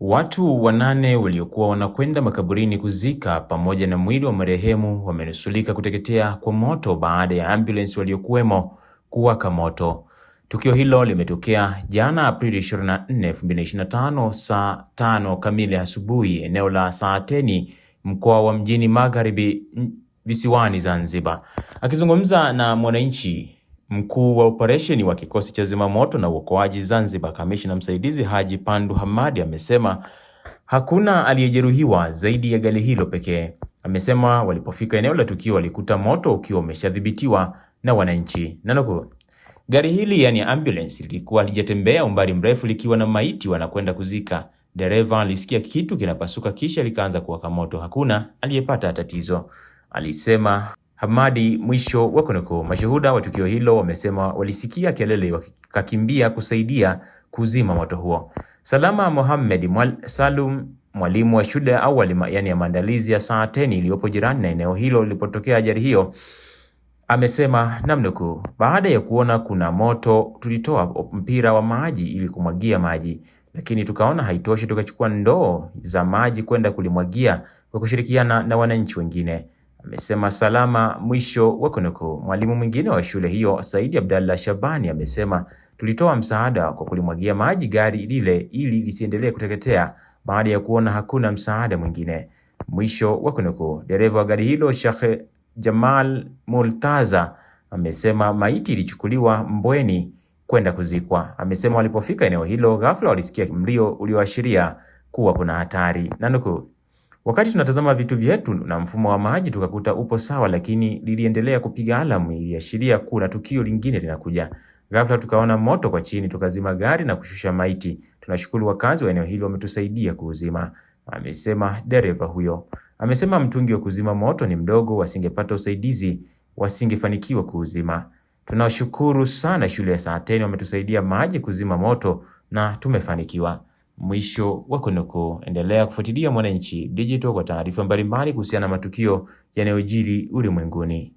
Watu wanane waliokuwa wanakwenda makaburini kuzika pamoja na mwili wa marehemu wamenusulika kuteketea kwa moto baada ya ambulensi waliokuwemo kuwaka moto. Tukio hilo limetokea jana Aprili 24, 2025 saa tano kamili asubuhi eneo la Saateni mkoa wa Mjini Magharibi visiwani Zanzibar. Akizungumza na Mwananchi Mkuu wa operesheni wa kikosi cha zimamoto na uokoaji Zanzibar, kamishna msaidizi Haji Pandu Hamadi amesema hakuna aliyejeruhiwa zaidi ya gari hilo pekee. Amesema walipofika eneo la tukio walikuta moto ukiwa umeshadhibitiwa na wananchi. Nanukuu, gari hili yani ambulance lilikuwa lijatembea umbali mrefu likiwa na maiti wanakwenda kuzika. Dereva alisikia kitu kinapasuka kisha likaanza kuwaka moto. Hakuna aliyepata tatizo, alisema. Hamadi mwisho wa kunukuu. Mashuhuda wa tukio hilo wamesema walisikia kelele wakakimbia kusaidia kuzima moto huo. Salama Mohamed Mwal, Salum mwalimu wa shule ya awali yani ya maandalizi ya Saateni iliyopo jirani na eneo hilo lilipotokea ajali hiyo amesema namnukuu, baada ya kuona kuna moto tulitoa mpira wa maji ili kumwagia maji, lakini tukaona haitoshi, tukachukua ndoo za maji kwenda kulimwagia kwa kushirikiana na wananchi wengine amesema salama, mwisho wa kunukuu. Mwalimu mwingine wa shule hiyo Saidi Abdallah Shabani amesema tulitoa msaada kwa kulimwagia maji gari lile ili lisiendelee kuteketea baada ya kuona hakuna msaada mwingine, mwisho wa kunukuu. Dereva wa gari hilo Sheikh Jamal Multaza amesema maiti ilichukuliwa Mbweni kwenda kuzikwa. Amesema walipofika eneo hilo, ghafla walisikia mlio ulioashiria kuwa kuna hatari na nukuu Wakati tunatazama vitu vyetu na mfumo wa maji tukakuta upo sawa, lakini liliendelea kupiga alamu, iliashiria kuna tukio lingine linakuja. Ghafla tukaona moto kwa chini, tukazima gari na kushusha maiti. Tunashukuru wakazi wa eneo hili wametusaidia kuuzima, amesema dereva huyo. Amesema mtungi wa kuzima moto ni mdogo, wasingepata usaidizi wasingefanikiwa kuuzima. Tunashukuru sana shule ya Saateni, wametusaidia maji kuzima moto na tumefanikiwa. Mwisho wa kunuku. Endelea kufuatilia Mwananchi Digital kwa taarifa mbalimbali kuhusiana na matukio yanayojiri ulimwenguni.